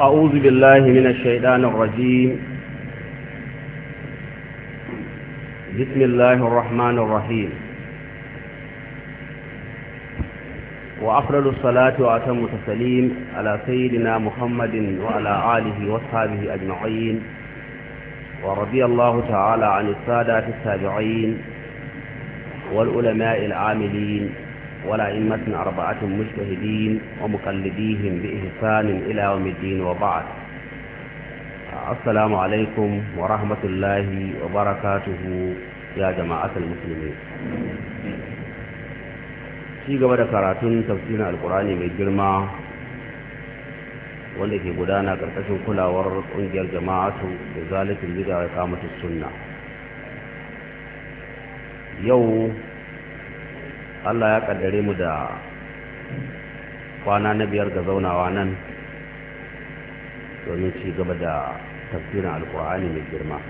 أعوذ بالله من الشيطان الرجيم بسم الله الرحمن الرحيم وأفضل الصلاة وأتم التسليم على سيدنا محمد وعلى آله وأصحابه أجمعين ورضي الله تعالى عن السادات التابعين والعلماء العاملين ولا إمة أربعة مجتهدين ومقلديهم بإحسان إلى يوم الدين وبعد السلام عليكم ورحمة الله وبركاته يا جماعة المسلمين في قبل كراتون تفسير القرآن من جرمة والذي بدانا كرتش كلا ورد أنجي الجماعة بذلك البدع إقامة السنة يوم Allah ya kaddare mu da kwana na biyar ga zaunawa nan domin ci gaba da tafsirin alkur'ani mai girma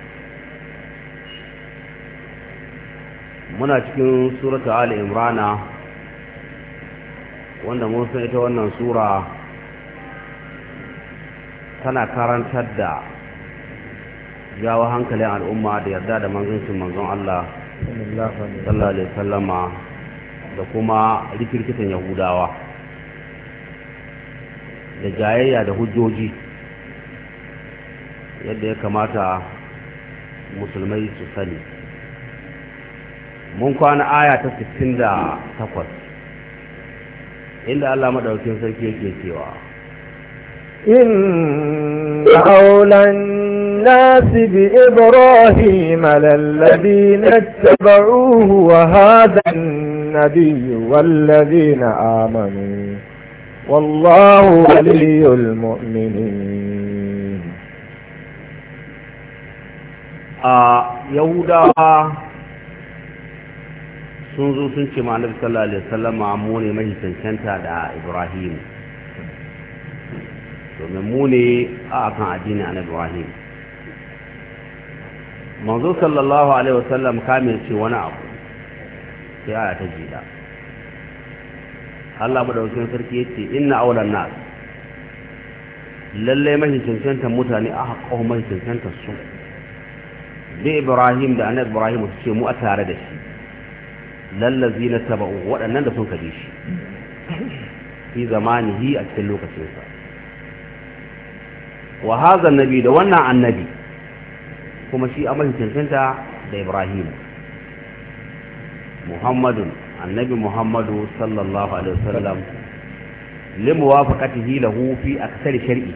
muna cikin surata ali imrana wanda mun san ita wannan sura tana karantar da jawo hankalin al'umma da yarda da manzancin manzon Allah sallallahu alaihi wasallama da kuma rikirkitan yahudawa da jayayya da hujjoji yadda ya kamata musulmai su sani mun kwana aya ta 68 inda Allah madaukakin sarki yake cewa أولى الناس بإبراهيم للذين اتبعوه وهذا النبي والذين آمنوا والله ولي المؤمنين a yahudawa sun zo sun ce ma'anar sallallahu alaihi wasallama mu ne mahi cancanta da ibrahim domin mu ne a kan addini na Ibrahim manzo sallallahu alaihi wasallam kamin ce wani abu sai aya ta jida Allah mu madaukakin sarki yace inna awlan nas lalle mahi cancanta mutane a haƙƙo mahi cancanta su bi Ibrahim da annabi Ibrahim su ce mu a tare da shi lallazi na taba'u waɗannan da sun kaje shi fi zamanihi a cikin lokacinsa wa haza nabi da wannan annabi kuma shi a cancanta da ibrahim muhammadun annabi muhammadu sallallahu alaihi wasallam limuwafaqatihi lahu fi aksari shar'i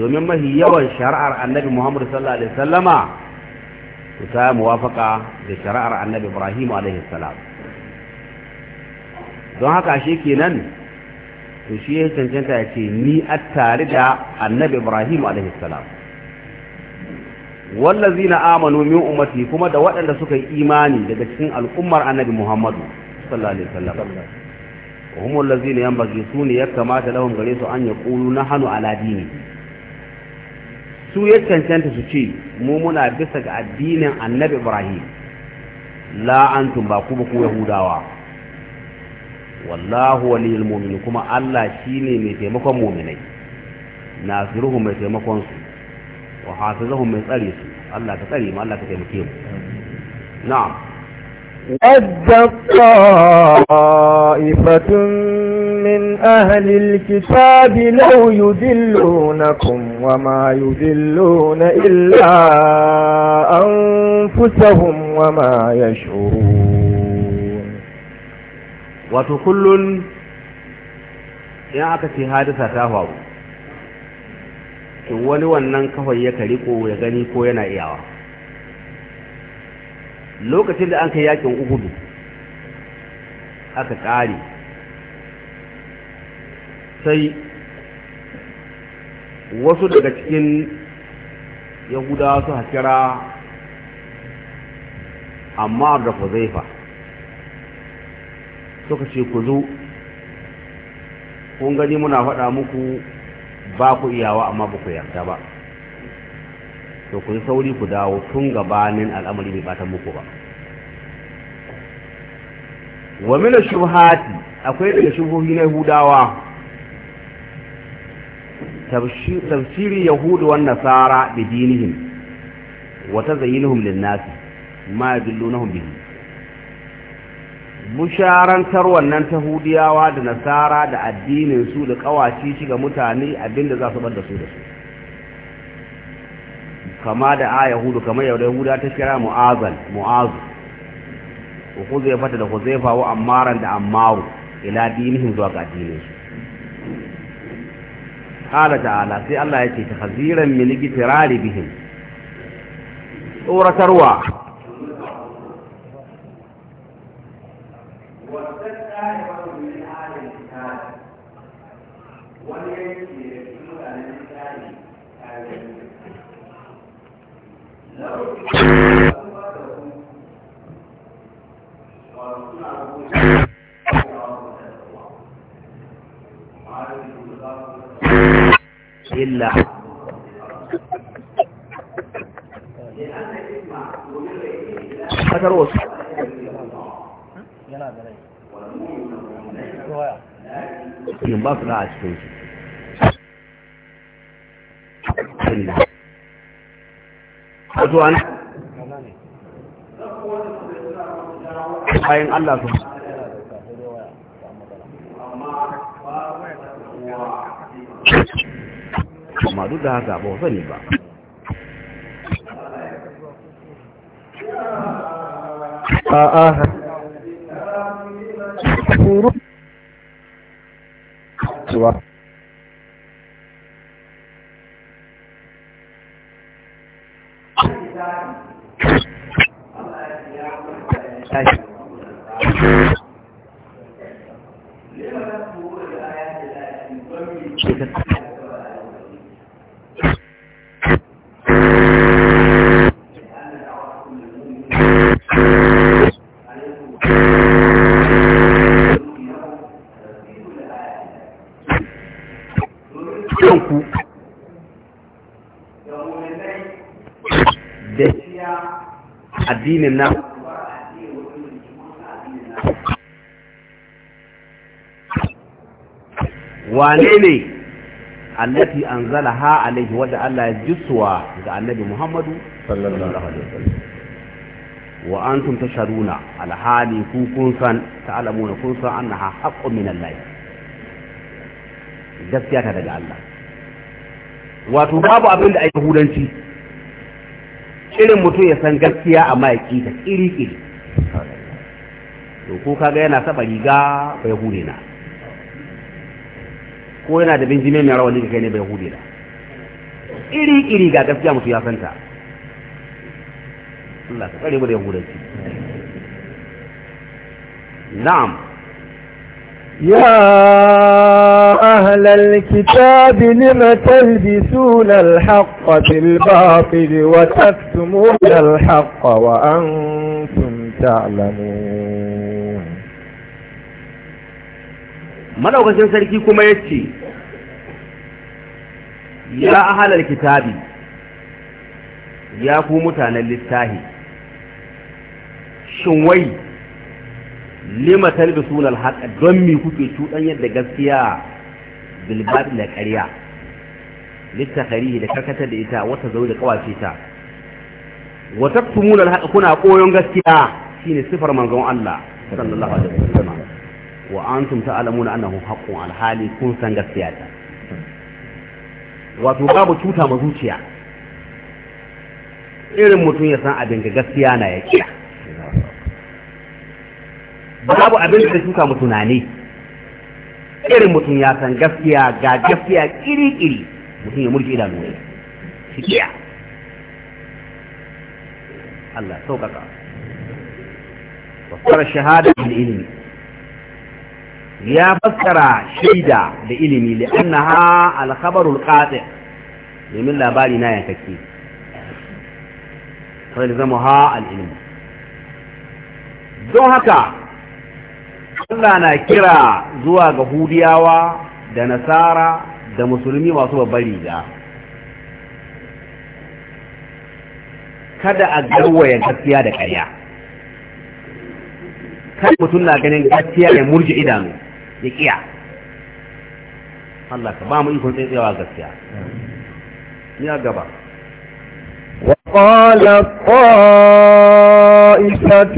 domin mahi yawan shari'ar annabi muhammadu sallallahu alaihi wasallama to ta muwafaqa da shari'ar annabi ibrahim alaihi salam don haka shi kenan to shi ya cancanta ya ce ni a tare da annabi ibrahim alaihissalam wallazi na amanu min ummati kuma da waɗanda suka yi imani daga cikin al'ummar annabi muhammadu sallallahu alaihi wasallam hum allazina yanbaghi su ne ya kamata lahum gare su an yaqulu nahnu ala dini su ya cancanta su ce mu muna bisa ga addinin annabi ibrahim la antum ba ku ba yahudawa wallahu waliyul mu'minin kuma Allah shine mai taimakon mu'minai nasiruhu mai taimakon su wa hafizuhu mai tsare su Allah ka tsare mu Allah ka taimake mu na'am wadda ta'ifatun من أهل الكتاب لو يذلونكم وما يذلون إلا أنفسهم وما يشعرون wato kullun yan aka ce hadisa ta faru to wani wannan kawai ya kariko ya gani ko yana iyawa lokacin da an kai yakin uhudu aka ƙare sai wasu daga cikin yahudawa su hakira amma da fuzaifa suka ce ku zo kun gani muna faɗa muku ba ku iyawa amma ba ku yarda ba to ku yi sauri ku dawo tun gabanin al'amari bai bata muku ba wa mina shubhati akwai daga shubhohi na yahudawa tafsiri yahudu wan nasara bi dinihim wa tazayyinuhum lin nasi ma yadullunahum bihi Musharantar wannan ta hudiyawa da nasara da addinin su da kawaci shi ga mutane abinda za su bar da su da su kama da a yahudu kamar yau da yahuda ta kira mu'azal mu'azu fata da huzefa wa ammaran da ammaru ila dinihim zuwa ga addininsu. su qala ta'ala sai Allah yake tahziran min igtirari bihim tsoratarwa ba su da a cikin su amma duk da haka ba ba a'a cewa Thank you. kanku da addinin na wane ne allati anzala ha alaihi wadda Allah ya jisuwa ga annabi Muhammadu sallallahu alaihi wasallam wa antum tashharuna alhali kun san ta'lamuna kun san annaha haqqun min Allah gaskiya ta daga Allah wato babu abin da ake hudanci irin mutum ya san gaskiya a ya ta kiri kiri ko kaga yana saba riga bai hude na ko yana da binjime mai rawani kai ne bai hude na iri iri ga gaskiya mutum ya santa Allah ka tsare mu da yahudanci na'am ya أهل الكتاب لم تلبسون الحق بالباطل وتكتمون الحق وأنتم تعلمون من أغسل سلكيكم يتي ya ahalar kitabi ya ku mutanen littahi shin wai lima sunan alhaq don me kuke cudan yadda gaskiya bilbabil da ƙarya littakarihi da karkatar da ita wata zo da kawace ta wa taktumuna alhaqa kuna koyon gaskiya shine sifar manzon Allah sallallahu alaihi wasallam wa antum ta'lamuna annahu haqqun alhali kun san gaskiya ta wato babu cuta ma zuciya irin mutum ya san abin ga gaskiya na ya kiya babu abin da cuta mu tunani irin mutum ya san gaskiya ga gaskiya kiri-kiri mutum ya mulki idanu ne shikiya Allah sauƙaƙa fassara shahada da ilimi ya fassara shaida da ilimi da annaha alkhabarul qati domin labari na yankake fa zama ha al don haka Allah na kira zuwa ga hudiyawa da nasara da musulmi masu babbar riga kada a garwaya gaskiya da ƙarya kada mutum na ganin gaskiya ya murji idanu ya kiya Allah ka ba mu ikon tsayawa gaskiya Ni ya gaba وقال طائفة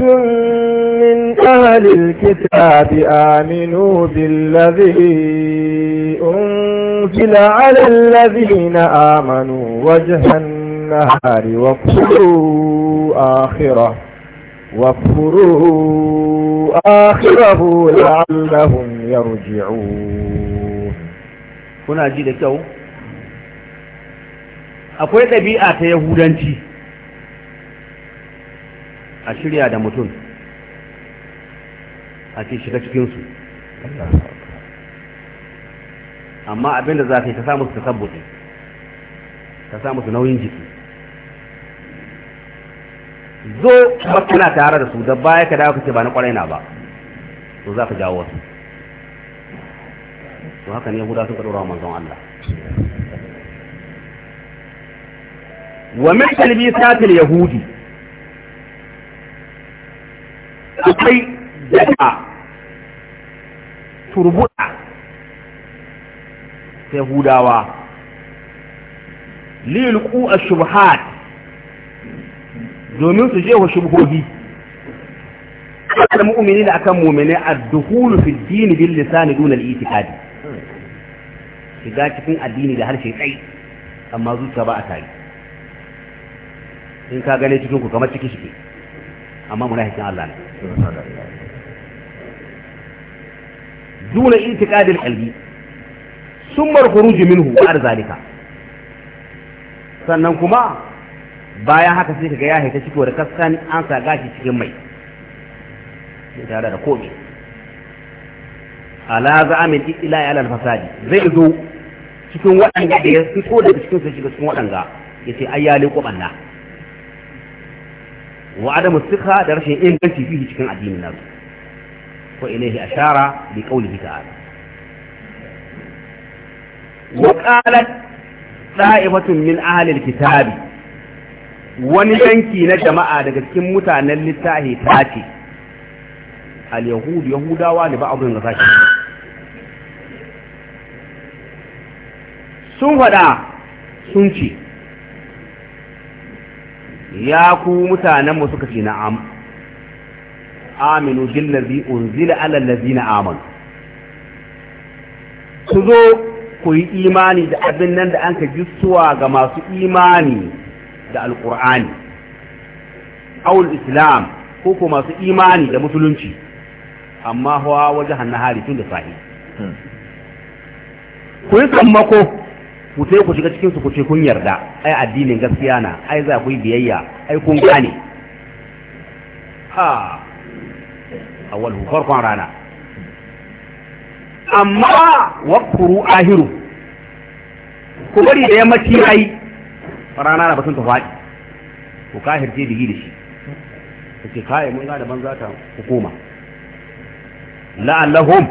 من أهل الكتاب آمنوا بالذي أنزل على الذين آمنوا وجه النهار واكفروا آخرة واكفروا آخره لعلهم يرجعون هنا ji da أقول akwai يهودانتي ta yahudanci a shirya da mutum a ce shiga cikinsu amma abinda za ka yi ka samu su tasabbuti ka samu su nauyin jiki zo ba kana tare da su da baya ka dawo kace ba na kwarai na ba to za ka jawo wasu to haka ne yahuda suka dora manzon Allah wa min talbisatil yahudi akwai daga turbuɗa sai hudawa lilku a shubhat domin su jefa shubhohi da mu'mini da akan mu'mini a duhulu fi dini bin lisani duna dun al shiga cikin addini da harshe kai amma zuciya ba a tari. in ka gane cikin ku kamar ciki shi amma muna munafikin Allah ne دون انتقاد القلب ثم الخروج منه بعد ذلك sannan kuma bayan haka sai kaga ya haita ciki da kaskan an saga shi cikin mai tare da komai ala za'amin ila ala al-fasadi zai zo cikin waɗanda da ya fito daga cikin sai shiga cikin waɗanda yace ayyali ko banna wa adamu suka da rashin inganci fihi cikin addinin nasu وإليه أشار بقوله تعالى وقالت طائفة wani yanki na jama'a daga cikin mutanen littafi ta ce al-yahudu yahudawa ne ba abin da zaki sun faɗa sun ce ya ku mutanenmu suka ce na'am aminu billazi unzila ala allazina amanu ku zo ku yi imani da abin nan da an ka suwa ga masu imani da alqur'ani awul islam ko ko masu imani da musulunci amma huwa wajen nahari tun da sahi hmm. ku yi kammako ku sai ku shiga cikin su ku ce kun yarda ai addinin gaskiya na ai za ku yi biyayya ai kun gane ha A walhu. farkon rana amma waqru ahiru ku bari da yammaci ai rana na batun ta faɗi ku kahirce digi da shi kace kai mun ga da banza ta hukuma la'allahum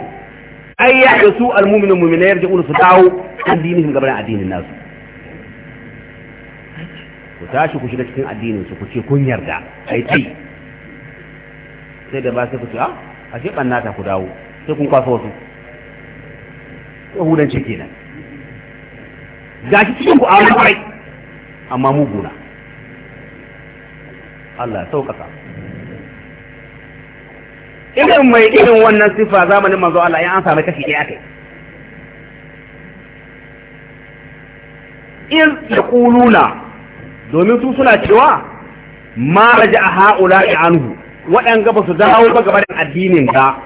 ay yahsu almu'minu mu'mina yarje ulusu dawo an dinihim gaban addinin nasu ku tashi ku shiga cikin addinin su ku ce kun yarda ai tai sai da ba sai ku ce a ah, a shi ɓanna ta ku dawo sai kun kwaso wasu yahudanci kenan ga shi cikin ku a wani amma amma muguna Allah ya sauƙaƙa irin mai irin wannan siffa zamanin manzo Allah ya an sami kashi ɗaya kai in ya kuluna domin su suna cewa ma raja a ha'ula anhu waɗanga ba su dawo ba gaban addinin ka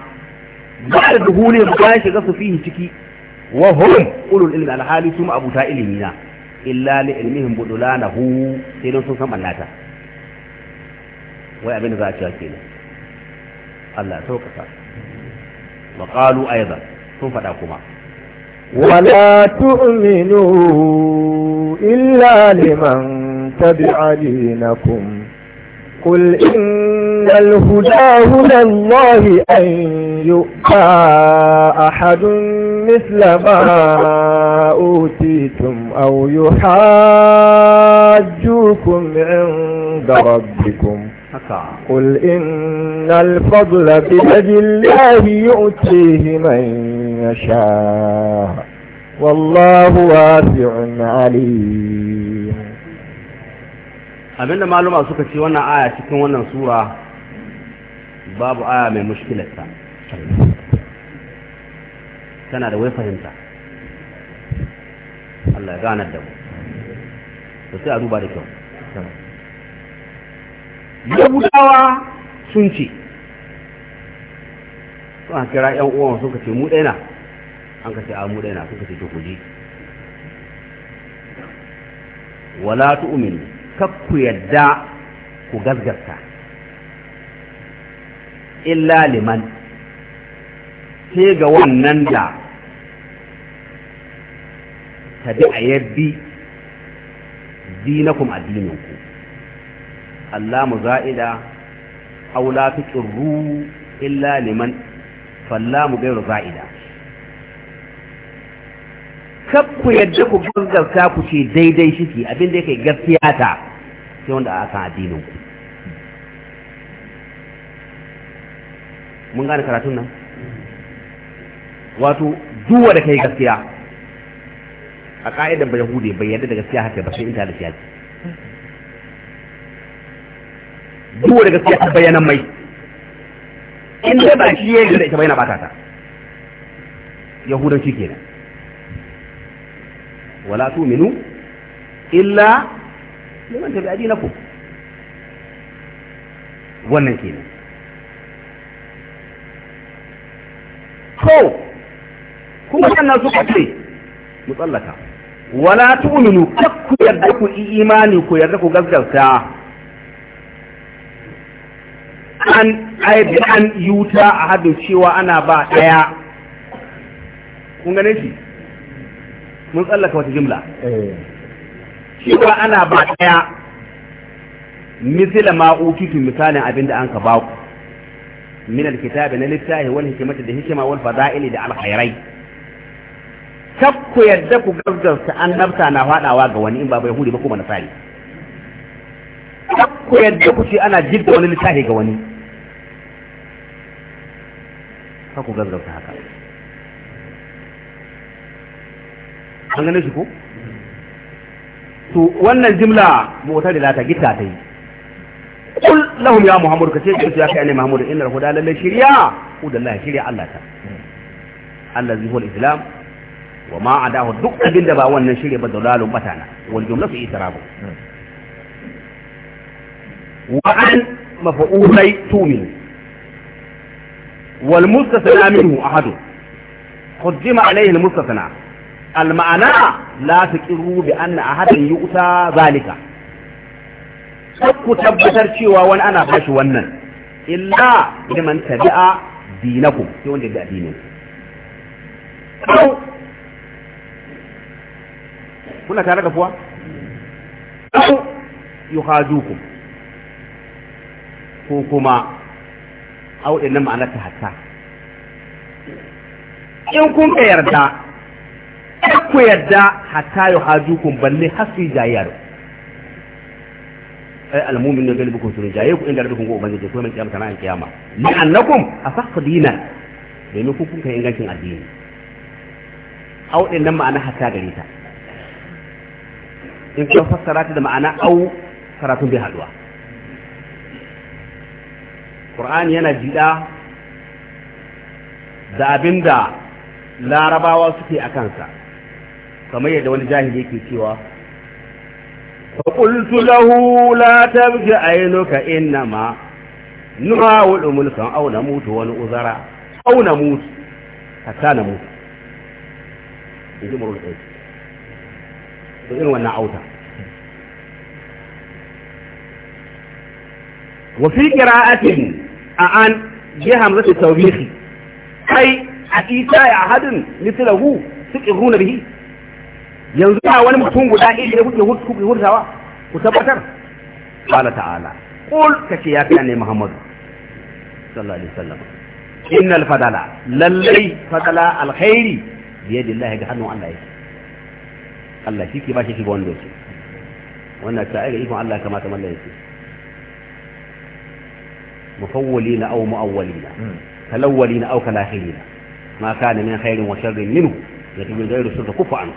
ba da duhu ne ba shiga su fihi ciki wa hum ulul ilmi alhali su abuta ilimi na illa li ilmihim budulanahu sai don sun san ballata wai abin da za a cewa kenan Allah ya sauƙaƙa wa qalu aidan sun faɗa kuma ولا تؤمنوا إلا لمن تبع دينكم قل إن الهدى هدى الله أن يؤتى أحد مثل ما أوتيتم أو يحاجوكم عند ربكم قل إن الفضل بيد الله يؤتيه من يشاء والله واسع عليم abinda maluma suka ce wannan aya cikin wannan sura babu aya mai mushkilarta tana da wai fahimta Allah ya gane da mu to sai a duba da kyau yahudawa sun ce suna kira yan uwan suka ce mu ɗaya an ka ce a mu ɗaya suka ce ku ji wala tu'minu ku yadda ku gasgasta illa liman sai ga wannan da ta bi a yabbi dinakum addininku Allah mu za'ida aula tuqirru illa liman mu gairu za'ida kab ku yadda ku gaskata ku ce daidai shi abin da yake gaskiya ta sai wanda aka addinin ku mun gane karatun nan wato duwa da kai gaskiya a ka'idan ba hude bai yadda da gaskiya haka ba sai in ta da siyasi duwa da gaskiya a bayanan mai in dai ba shi yayin da ita bayana ba ta yahudanci kenan wala tu'minu illa liman na ku wannan kenan ko kuma sannan su ce mu tsallaka wala tu'minu ku yarda ku imani ku yarda ku gaskata an aibi an yuta a hadin cewa ana ba daya kun gane shi mun tsallaka wata jimla eh cewa ana ba ɗaya misila ma utitu misalin abin da an ka ba ku min alkitabi na littafi wal hikimata da hikima wal fada'ili da alkhairai kab ku yadda ku an annabta na fadawa ga wani in ba bai hudi ba kuma nasari kab ku yadda ku ce ana jidda wani littafi ga wani ka ku gaggauta haka an gane shi ko to wannan jimla mota da lata gita ta yi kul lahum ya muhammadu kace ki ya kai ne muhammadu inna huda lalle shiriya hudallahi shiriya Allah ta allazi huwa islam wa ma adahu duk abin da ba wannan shirya ba dalalun batana wal jumlatu itirabu wa an mafa'ulai tumin wal mustasna minhu ahadu قدم عليه المستثنى المعنى لا تقروا بأن أحد يؤتى ذلك ku tabbatar cewa wani ana bashi wannan Ila liman tabi'a dinakum sai wanda ya addinin kuna tare da kuwa au yuhadukum ko kuma au din ma'anar ta hatta in kun yarda ku yadda hatta kun balle hasu jayar ai almumin ne galibi kun sunu jaye ku inda rabbi kun go ubangiji ko mai kiyama kana kiyama ni annakum asaqu dinan domin ku kun kai ingancin addini au din nan ma'ana hatta gare ta in ka fassara ta da ma'ana au karatun bai haduwa Qur'ani yana jida da abinda larabawa suke a kansa kamar yadda wani jahili yake cewa فقلت له لا تبكي عينك إنما نحاول ملكا أو نموت ونؤذر أو نموت حتى نموت يجي مرور العيد وإن ونا عودا وفي قراءة أعان بهمزة التوبيخ أي أتيتا أحد مثله تقرون به yanzu ya wani mutum guda ɗaya da kuke kuke hurtawa ku tabbatar qala ta'ala qul kace ya kana muhammadu sallallahu alaihi wasallam innal fadala lallai fadala alkhairi biyadillahi ga hannun Allah yake Allah shi ke ba shi shiga wanda yake wannan ta aika ikon Allah kamata mallan yake mufawwalina aw muawwalina hmm. talawwalina aw kalahirina ma kana min khairin wa sharrin minhu yatubul ghayru sirra kufu anhu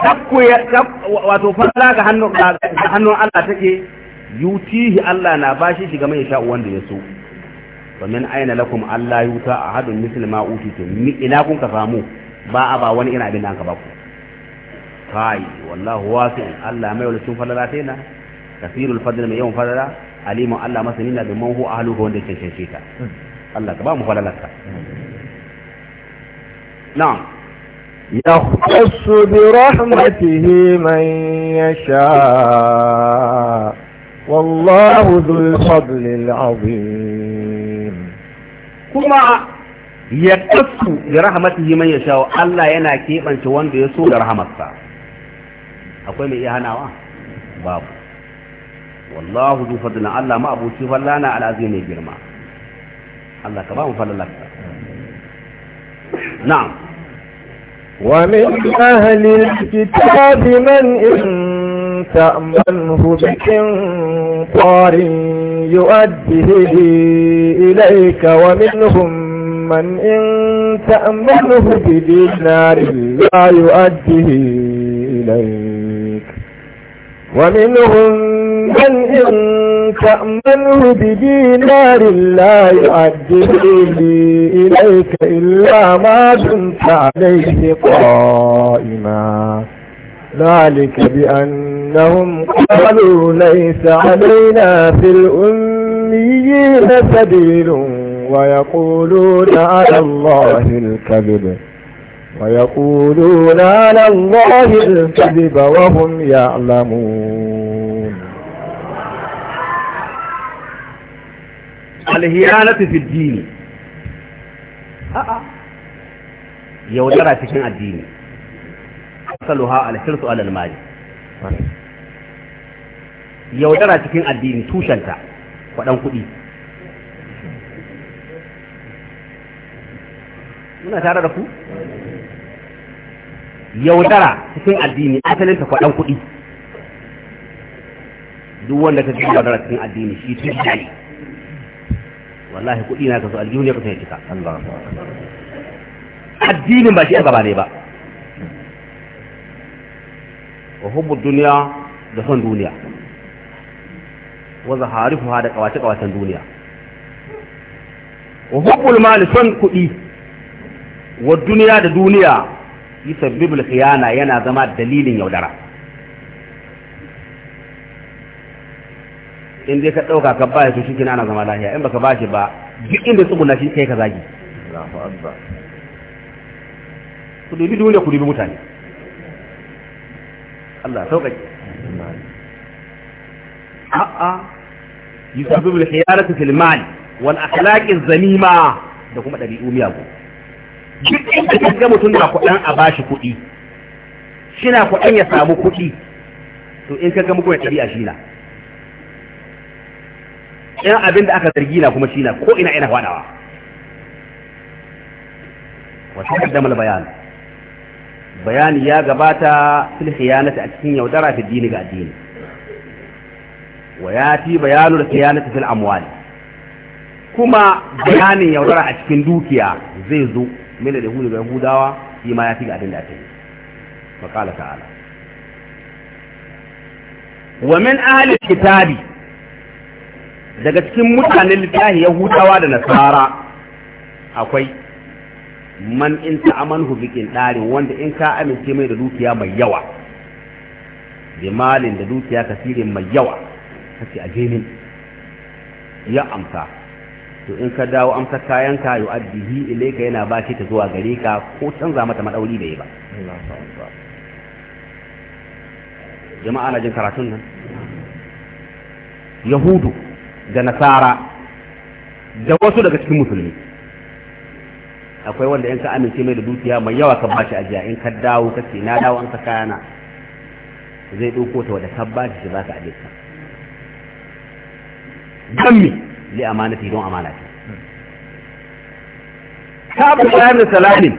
wato falla ga hannun Allah take yutihi Allah na bashi shi ga mai sha'u wanda ya so famin aina lakum Allah yuta haɗin misl ma utitu ni ina kun ka samu ba a ba wani ina abin da Ka ba ku kai wallahu wasi'un Allah mai wala sun falala na kasirul fadl mai yawan falala alimu Allah masanina bi man huwa ahluhu wanda ke cancanta hmm. Allah ka ba mu falalarka na'am يختص برحمته من يشاء والله ذو الفضل العظيم كما يختص برحمته من يشاء الله ينا كيبان شوان بيسو برحمته أقول لي إيهانا نعم. باب والله ذو فضل الله ما أبو شيخ لنا على عظيم الجرمى الله كبار فضل لك نعم ومن أهل الكتاب من إن تأمنه بقنطار يؤديه إليك ومنهم من إن تأمنه بدينار لا يؤديه إليك ومنهم من إن تأمنه بدينار لا يؤديه إليك إلا ما دمت عليه قائما ذلك بأنهم قالوا ليس علينا في الأميين سبيل ويقولون على الله الكذب ويقولون على الله الكذب وهم يعلمون الهيانة في الدين يودرى في شن الدين أصلها الحرص على المال يودرى في شن الدين توشنتا ودن قدي منا تعرفوا yaudara cikin addini asalin ta kwaɗan kuɗi duk wanda ta cikin yaudara cikin addini shi tun jari wallahi kuɗi na ka so aljihu ne ka sai cika addinin ba shi a gaba ne ba wa hubbun duniya da son duniya wa zaharifuha da kawace-kawacen duniya wa hubbul mali son kuɗi wa duniya da duniya yusabbibul khiyana yana zama dalilin yaudara in dai ka dauka ka ba shi shi ana zama lafiya in baka ba shi ba duk inda tsuguna shi kai ka zagi Allahu akbar ku dubi duniya ku dubi mutane Allah sauƙaƙe a'a yusabbibul khiyanata fil mal wal akhlaqi zamima da kuma dabi'u miyagu duk inda ka ga mutum na kuɗin a bashi kuɗi shi na kuɗin ya samu kuɗi to in ka ga mugun ɗabi'a shi na in abin da aka zargi na kuma shi na ko ina ina faɗawa wata kaddamar bayan bayani ya gabata fil khiyanati a cikin yaudara fi dini ga addini wa yati bayanu al khiyanati fil amwali kuma bayanin yaudara a cikin dukiya zai zo من da واليهود da yahudawa shi ma ya fi ga abin da aka yi daga cikin mutanen littafi yahudawa da nasara akwai man in ta'amanhu bikin ɗarin wanda in ka amince mai da dukiya mai yawa bi malin da dukiya kasirin mai yawa kace a ya amsa to in ka dawo amsa kayan ka yu addihi ilaika yana baki ta zuwa gare ka ko canza mata madauri da yi ba jama'a na jin karatun nan yahudu da nasara da wasu daga cikin musulmi akwai wanda in ka amince mai da dukiya mai yawa ka bashi ajiya in ka dawo ka ce na dawo an saka kayana zai ɗauko ta wadda ka bashi shi za ka ajiyar ta li amanati don amana ta abdullahi ibn salamin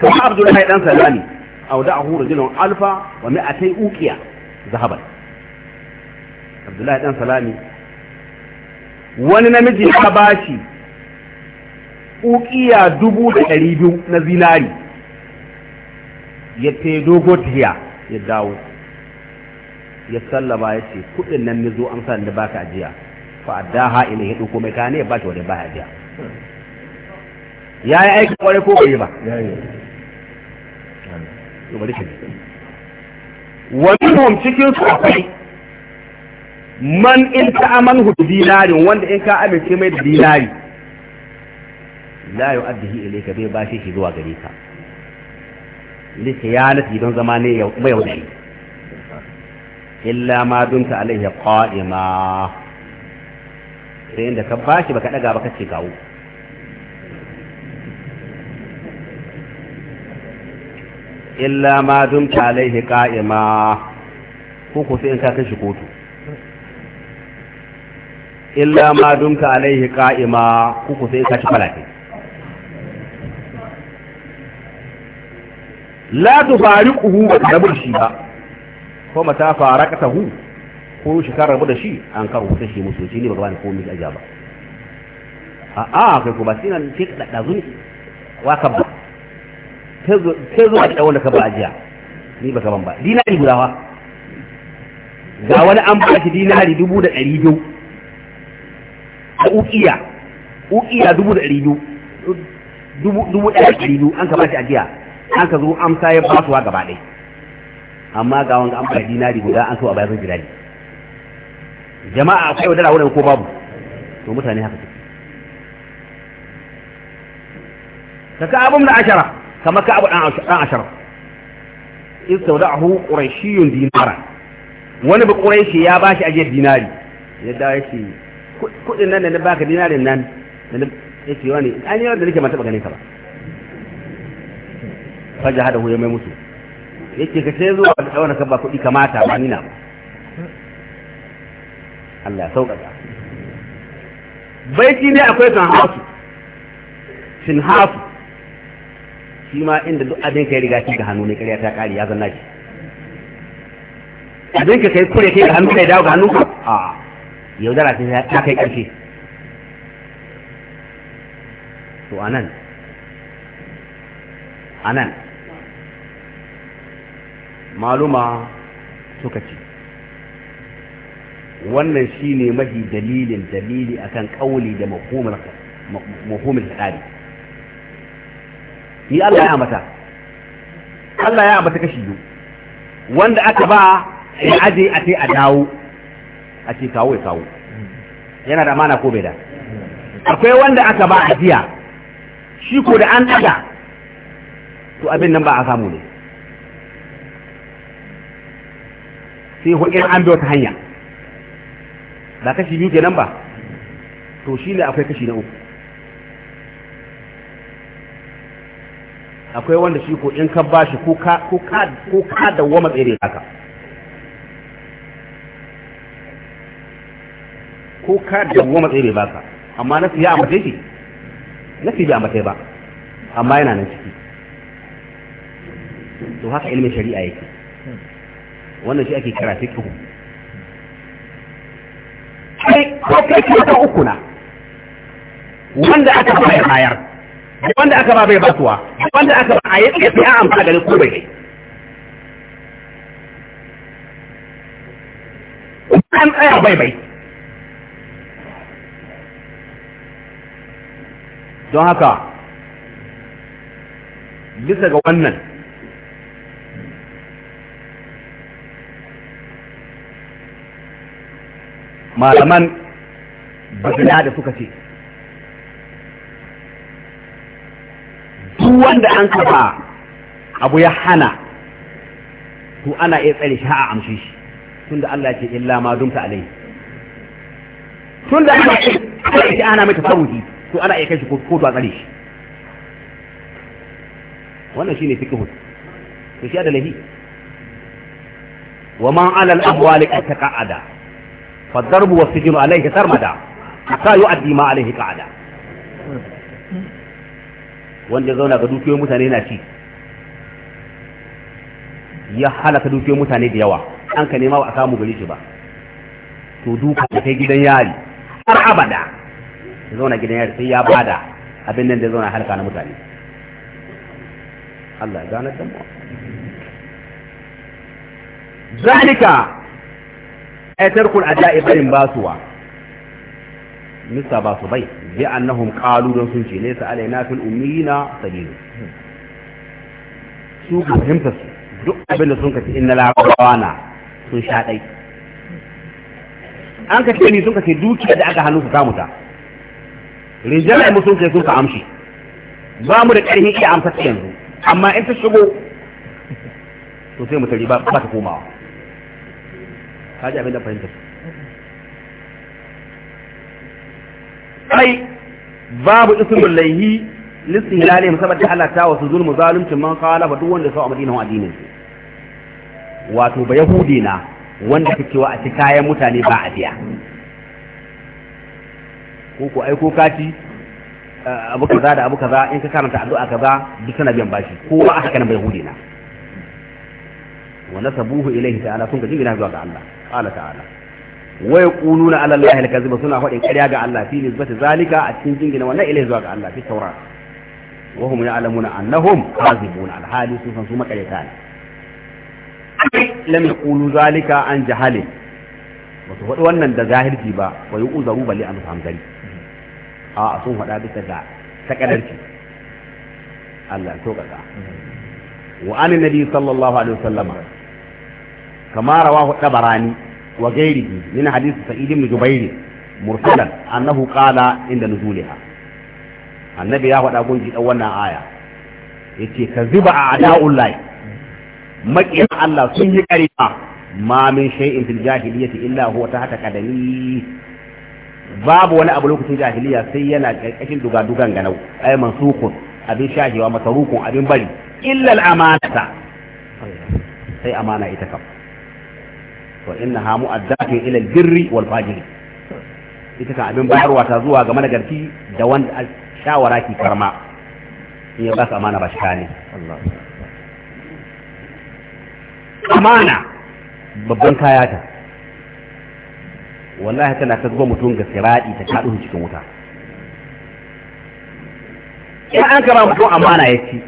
to dan salami aw da'ahu rajulun alfa wa mi'atay uqiya zahaban abdullahi dan salami wani namiji ya bashi uqiya dubu da ɗari biyu na zinari ya ta dogo tiya ya dawo ya sallama ya ce kuɗin nan ne zo amsa da baka ajiya fa addaha ilayhi ko mai kane Ba bashi wanda baya biya yi aiki kware ko bai ba Wani bari ka cikin su akwai man in ta aman hudu dinarin wanda in ka amince mai dinari la yu'addihi ilayka bai bashi shi zuwa gare ka ya lisiyanati don zama ne mai yaudashi illa ma dunta alaihi qa'ima sai inda ka ba ka baka daga baka ce kawo illa ma dumta alaihi qa'ima ko ko sai in ka kashi kotu illa ma dumta alaihi qa'ima ko ko sai in ka ci falafi la tufariquhu ba da shi ba ko mata faraqatahu ko shi ka rabu da shi an karu wuce shi shi ne ba gaba ne ko jaba ajiya ba a'a kai ko ba shi nan sai ka dazu ne wa ka ba sai zo a da wanda ka ba ajiya ni ba ka ban ba dinari guda wa ga wani an ba shi dinari dubu da ɗari biyu a ukiya ukiya dubu da ɗari biyu dubu ɗaya da ɗari biyu an ka ba shi ajiya an ka zo amsa ya ba su wa gaba ɗaya amma ga wanda an ba dinari guda an so a bayar da dinari jama'a akwai wadara wurin ko babu to mutane haka suke ka ka abun da ashara kama ka abu dan ashara in sau da sauda'ahu qurayshiyun dinara wani ba ƙurashi ya bashi ajiyar dinari ya da yake kudin nan da na baka dinarin nan da yake wani an yi wanda nake ban taɓa ganin ka ba fajar da huyar mai ya yake ka ce zuwa da wani ka ba kuɗi kamata ba ni na ba Allah ya sauƙaƙa Baiki ne akwai kan hasu sin hasu shi ma inda duk abin kai riga ki ga hannu ne ƙarya ta ƙari ya zanna ki abin ka kai kure kai ga hannu kai dawo ga hannu ka a yaudara ta kai ƙarfi to anan nan, maluma suka ce wannan shine mafi dalilin dalili akan kauli da mafhumul mafhumul Ni Allah ya amata. Allah ya amata kashi biyu wanda aka ba ya aje a ce a dawo a ce kawo ya kawo yana da amana ko bai da akwai wanda aka ba ajiya shi ko da an daga to abin nan ba a samu ne sai ko in an bi wata hanya ba kashi biyu kenan ba to shi ne akwai kashi na uku akwai wanda shi ko in ka bashi ko ko ka ko da wama tsere haka ko ka da wama tsere baka amma na siya amma shi na siya amma ba amma yana nan ciki to haka ilmin shari'a yake wannan shi ake kira fiqh kai ko kai kyauta uku na wanda aka ba ya bayar wanda aka ba bai basuwa da wanda aka ba a yi tsaye a amfana ganin ko bai an tsaya bai bai don haka bisa ga wannan malaman bazina da suka ce duk wanda an kafa abu ya hana to ana iya tsare shi a amshi shi tunda Allah ce illa ma dumta alai tunda Allah ce shi ana mai tasawuki to ana iya kai shi ko to a tsare shi wannan shine fiqhu to shi da lahi wa man ala al-ahwali qad taqa'ada فالضرب والسجن عليه سرمدا حتى يؤدي ما عليه قعدا wanda zauna ga dukiyoyin mutane na ci ya halaka dukiyoyin mutane da yawa an ka nema ba a samu gari shi ba to duka da kai gidan yari har abada ya zauna gidan yari sai ya bada abin nan da zauna halaka na mutane Allah ya gane a adai barin basuwa mista basu bai bi annahum qalu don sun ce laysa alaina fil ummiyina sabil su ga fahimta su duk abin da sun kace inna la na sun sha dai an kace ni sun kace dukiya da aka hannu su samu ta rijala mu sun kai sun ka amshi ba mu da karhin iya amsa yanzu amma in ta shigo to sai mu tari ba ta komawa kaji abin da fahimta su ai babu ismul laihi listihlali saboda halatta wasu zulmu zalimcin man khalafa duk wanda sau amadinin addinin wato ba yahudi na wanda kake wa a ci kayan mutane ba a biya ko ko ai ko kati eh, abu kaza da abu kaza in ka karanta addu'a kaza duk sana biyan bashi ko ba a haka nan yahudi na wa nasabuhu ilayhi ta'ala sun ga jingina zuwa ga Allah قال تعالى ويقولون على الله الكذب سنة أخوة فإن كريا الله في نسبة ذلك أتنجين جنة وانا إليه زواج الله في التوراة وهم يعلمون أنهم كاذبون على حالي سوفا سنة كريتان لم يقولوا ذلك عن جهل وتفضل وانا دا ظاهر جيبا ويؤذروا بلي أنه ذلك آه أصوم هذا بسجاع سكرتي الله توقع وعن النبي صلى الله عليه وسلم كما رواه الطبراني وغيره من حديث سعيد بن جبير مرسلا انه قال عند نزولها النبي يا هذا كون جي آية yace ka ziba a ada'ullahi maƙiyar Allah sun yi ƙarfa ma min shay'in fil jahiliyyati illa huwa tahta qadami babu wani abu lokacin jahiliya sai yana ƙarƙashin dugadugan ganau ay mansukun abin shahiwa masarukun abin bari illa al amanata sai amana ita kam wa inna ha mu'addatun ila al-birri wal fajiri ita kan abin bayarwa ta zuwa ga managarci da wanda shawara ki karma in ya baka amana ba shi kane amana babban kaya ta wallahi tana ta zuba mutum ga siradi ta kaɗu cikin wuta in an kama mutum amana ya ci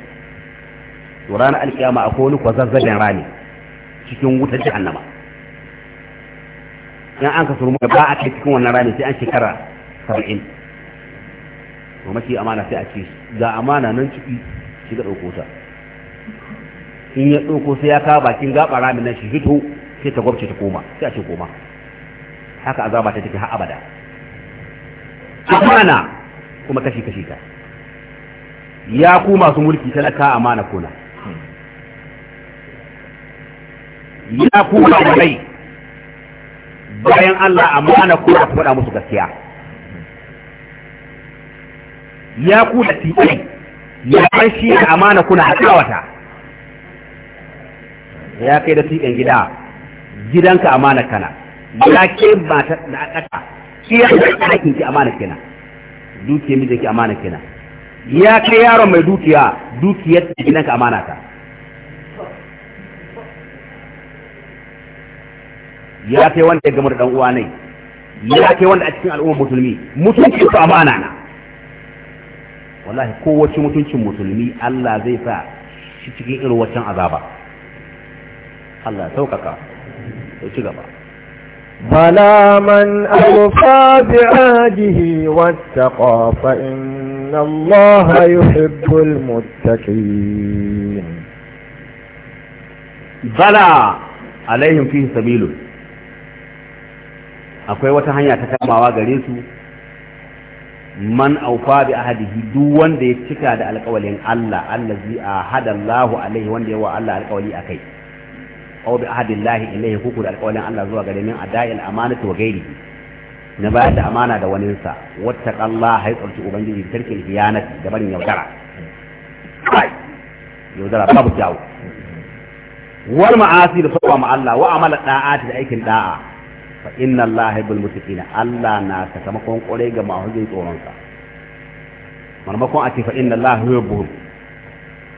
to ranar alkiyama akwai wani kwazazzabin rami cikin wutar annama. in an ka surmu ba a kai cikin wannan rani sai an shekara saba'in wa mace amana sai a ce ga amana nan ciki shi ga ɗauko ta in ya ɗauko sai ya kawo bakin gaɓa ramin nan shi fito sai ta gwabce ta koma sai a ce koma haka azaba ta take har abada amana kuma kashi kashi ta ya ku masu mulki talaka amana kuna ya ku malamai bayan Allah amma ana ko ta faɗa musu gaskiya ya ku da tiƙai ya kai shi da amana kuna hakawata ya kai da tiƙan gida gidanka amana kana ya ke ba ta da aƙaƙa ki ya da aikin ki amana kina dukiyar mijinki amana kina ya kai yaron mai dukiya dukiyar gidanka amana ta ya kai wanda ya gama da dan uwa ne ya kai wanda a cikin al'ummar musulmi mutunci su amana na wallahi kowace mutuncin musulmi Allah zai sa shi cikin irin waccan azaba Allah saukaka to ci gaba بلى من أوفى بعهده واتقى فإن الله يحب المتقين بلى عليهم فيه سبيل akwai wata hanya ta kamawa gare su man aufa bi ahadihi duk wanda ya cika da alƙawalin Allah allazi ahada Allahu alaihi wanda ya Allah alƙawali akai aw bi ahadillahi ilaihi kuku da alƙawalin Allah zuwa gare min ada'il amanatu wa ghairi na bayar da amana da wani sa wattaqallaha ya tsorci ubangiji tarkin hiyanati da barin yaudara kai yaudara babu jawo wal ma'asi da sawa ma Allah wa amala da'ati da aikin da'a fa inna allaha bil muttaqina allah na sakamakon kwarai ga mahujin tsoron sa marmakon a ce fa inna allaha yuhibbuhum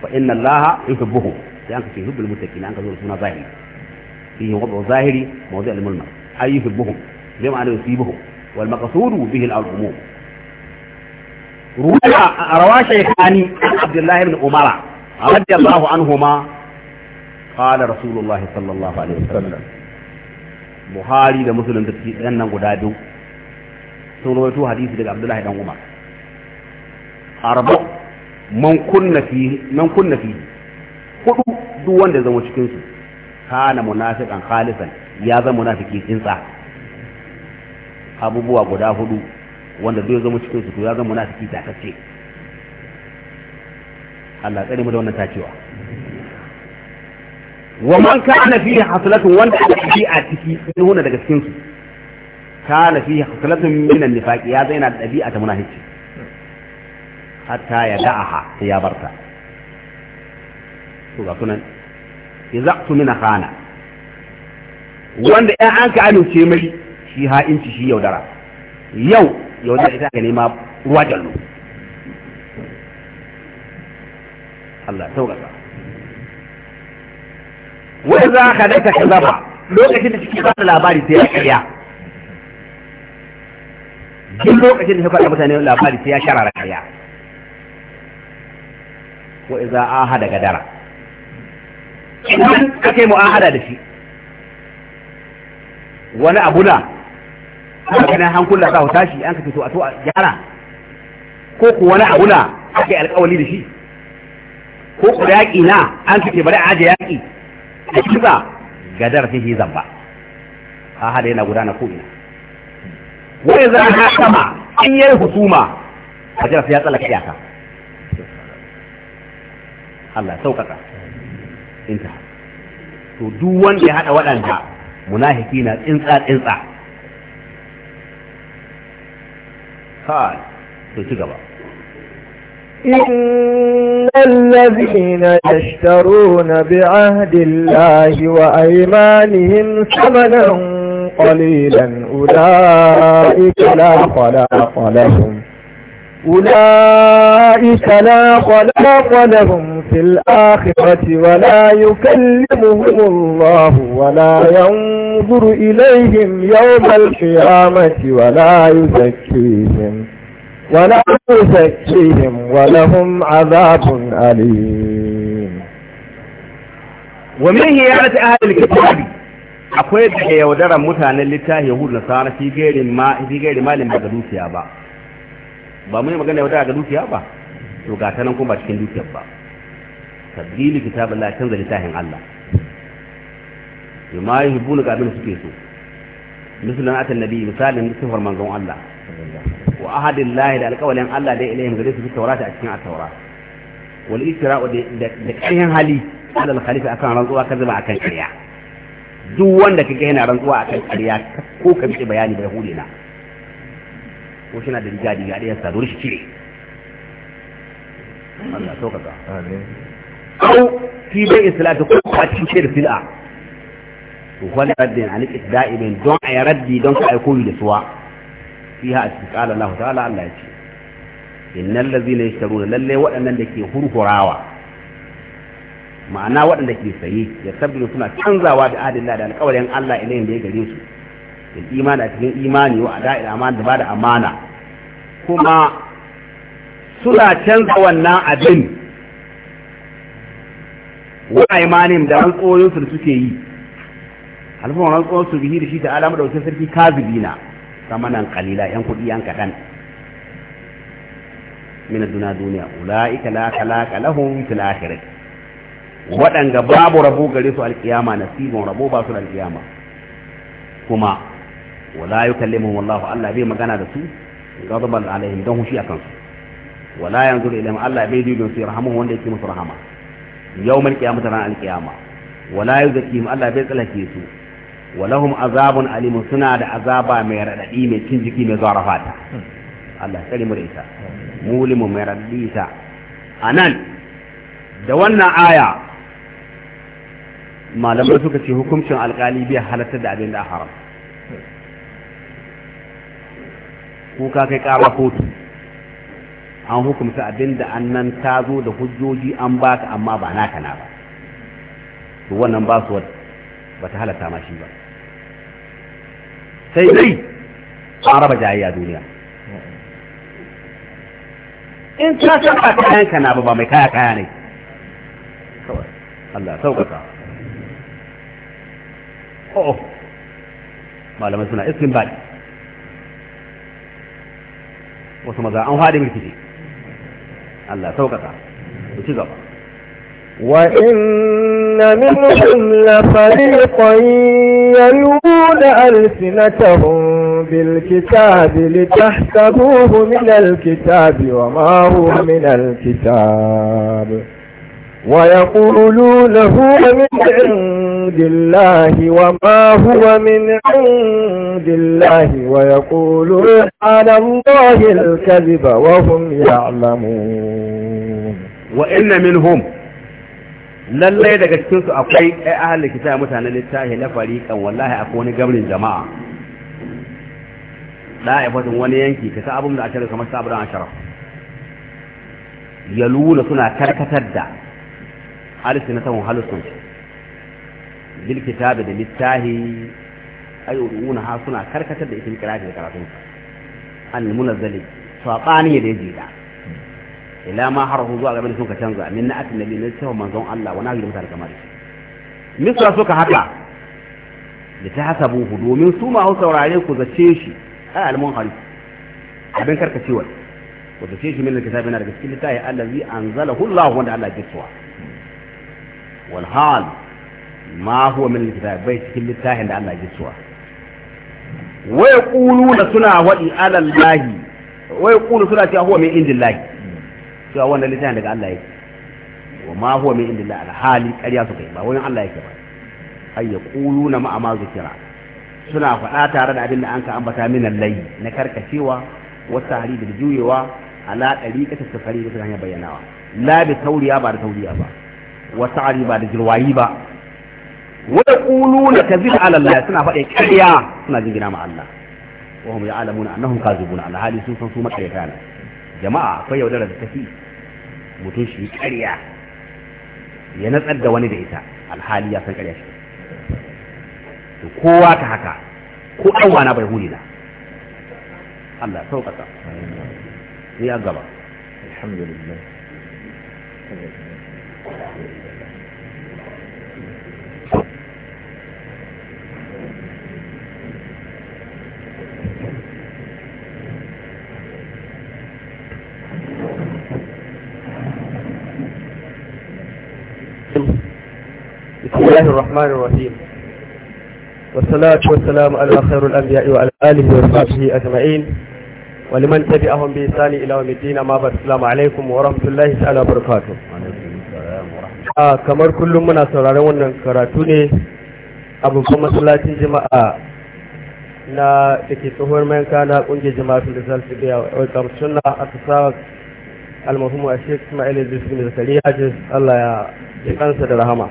fa inna allaha yuhibbuhum sai an kace yuhibbul muttaqina an ka zo suna zahiri fihi wad'u zahiri mawdi' al mulma ay yuhibbuhum bi ma'ana yusibuhum wal maqsudu bihi al umum روى روى شيخاني عبد الله بن عمر رضي الله عنهما قال رسول الله صلى الله عليه وسلم buhari da muslim da suke nan guda biyu sun rawaito hadisi daga abdullahi dan umar arba man kunna fi man kunna fi hudu duk wanda zama cikin su kana munafiqan khalisan ya zama munafiki kinsa abubuwa guda hudu wanda zai zama cikin su to ya zama munafiki takacce Allah tsare mu da wannan tacewa wa man kana fihi hasalatun wanda aka fi a ciki minhuna daga cikin su kana fihi hasalatun minan nifaqi ya zaina da dabi'a ta munafici hatta ya da'aha sai ya barta to ga sunan izaqtu min khana wanda ya an ka amince mai shi ha inci shi yaudara yau yaudara ita ka nema ruwa jallu. Allah sauƙaƙa wai za ka daita ka zama lokacin da kike ba da labari sai ya karya duk lokacin da ya da mutane labari sai ya sharara karya wa iza ahada gadara idan a mu'ahada da shi wani abu na ganin hankula za ku tashi an kace to a to a gyara ko ku wani abu na ake alƙawari da shi ko ku yaƙi na an kace bari a aje yaƙi da kiza ga darasihi zamba ha hada yana gudana ko'ina. ina wai za ha sama in yi husuma a sai ya tsallaka iyaka Allah sauƙaƙa inta to duk wanda ya hada waɗanda munahiki na tsintsa tsintsa ha to ci gaba إن الذين يشترون بعهد الله وأيمانهم ثمنا قليلا أولئك لا خلاق لهم أولئك لا خلاق لهم في الآخرة ولا يكلمهم الله ولا ينظر إليهم يوم القيامة ولا يزكيهم ولا يزكيهم ولهم عذاب أليم ومن هي أهل الكتاب akwai da yaudarar mutanen littafi yahudu na sara fi gairin ma fi gairin malin ba ga ba ba mu yi magana yaudara ga ba to ga ta nan kuma ba cikin dukiyar ba tabdili kitabun la canza littafin Allah bima yuhibbuna ga abin da suke so misalan atan nabi misalin sifar mangan Allah wa ahadillahi da alƙawalin Allah da ilayhim gare su fi taurata a cikin at-taura wal isra'u da ƙarfin hali alal khalifa akan rantsuwa ka zuba akan ƙarya duk wanda kaga yana rantsuwa akan ƙarya ko ka bi bayani da yahudi na ko shi na da riga diga da sa dole shi cire Allah sauka ka amin au fi bai islatu ko kuma cikin da fil'a to wani raddin an ikda'i don a yi raddi don ka aiko da suwa fiha a cikin qala Allah ta'ala Allah ya ce innal ladzina yashtaruna lalle waɗannan da ke hurhurawa ma'ana waɗanda ke saye ya sabbiru suna canzawa da adilla da alƙawarin Allah ilayin da ya gare su bil imani a cikin imani wa ada amana da bada amana kuma suna canza wannan abin wa imanim da rantsoyin su da suke yi alfa rantsoyin su bihi da shi ta alama da wasu sarki kazibina samanan kalila yan kuɗi yan kaɗan min duna duniya ula'ika la khalaqa lahum fil akhirah waɗanga babu rabo gare su alkiyama nasibun rabo ba su alkiyama kuma wala yukallimuhum wallahu Allah bai magana da su ghadaban alaihim don hushi akan su wala yanzuru ilaihim Allah bai dubin su yarhamu wanda yake musu rahama yawmal qiyamati ran alkiyama wala yuzakkihim Allah bai tsalake su walahum azabun Alimu suna da azaba mai raɗaɗi mai cin jiki mai zuwa rafata Allah tsari mu da ita mulimu mai raɗaɗi ita a nan da wannan aya malamai suka ce hukuncin alƙali biya halatta da abin da haram kuka kai ƙara kotu an hukumta abin da annan ta zo da hujjoji an baka amma ba naka na ba to wannan ba su ba ta halatta ma shi ba sai dai an raba jayayya duniya in ka san ba kayan ka na ba mai kaya kaya ne kawai Allah sauƙaƙa oh, oh malamai suna iskin baki wasu maza an haɗe mulki Allah sauƙaƙa ku ci gaba وإن منهم لفريقا يلون ألسنتهم بالكتاب لتحسبوه من الكتاب وما هو من الكتاب ويقولون هو من عند الله وما هو من عند الله ويقولون على الله الكذب وهم يعلمون وإن منهم lallai daga cikinsu akwai ai ahli kitab mutanen littafi na fariqan wallahi akwai wani gabrin jama'a Da ɗa'ifatin wani yanki ka abin da ashirin kamar sabu da ashirin ya luna suna karkatar da alisinatan halusun bil kitab da littafi ayyuna ha suna karkatar da ita kirafi da karatun al munazzali sabani da yaji da ila ma harahu zuwa gaban sun ka canza min na'at nabi ne cewa manzon Allah wa nabi mutane kamar shi misra suka haka da ta hasabuhu domin su ma saurare ku zace shi a almun hari abin karkacewa ku zace shi min kitabi na daga cikin littafi allazi anzalahu Allah wanda Allah ya tsawa wal hal ma huwa min kitabi bai cikin littafin da Allah ya wai wa yaquluna suna wadi ala wai wa yaqulu suna cewa huwa min indillahi cewa wannan littafin daga Allah yake wa ma huwa min indillah alhali ƙarya suka yi ba wurin Allah yake ba ay yaquluna ma ma zikira suna faɗa tare da abin da an ka ambata min allahi na karkacewa wata hari da juyewa ala ɗariƙa ta safari da hanyar bayyanawa la da tauriya ba da tauriya ba wata hari ba da jirwayi ba wata ƙulu na kazib ala Allah suna faɗa ƙarya suna jingina ma Allah wa hum ya'lamuna annahum kazibuna ala hali sun san su maƙaryata ne jama'a akwai yaudarar da tafi mutum shi ƙarya ya natsar da wani da ita alhali ya san ƙarya shi to kowa ta haka ko an wana bai huli na Allah ya sauƙaƙa sai ya gaba alhamdulillah الله الرحمن الرحيم والصلاة والسلام على خير الأنبياء وعلى آله وصحبه أجمعين ولمن تبعهم بإحسان إلى يوم الدين ما بعد السلام عليكم ورحمة الله تعالى وبركاته a kamar kullum muna sauraron wannan karatu ne a babban masallacin jima'a na da ke tsohuwar mayanka na kungiyar jama'atun da zalfi da ya welcome a tasawa almahumu a shek ismail idris bin zakariya allah ya ji kansa da rahama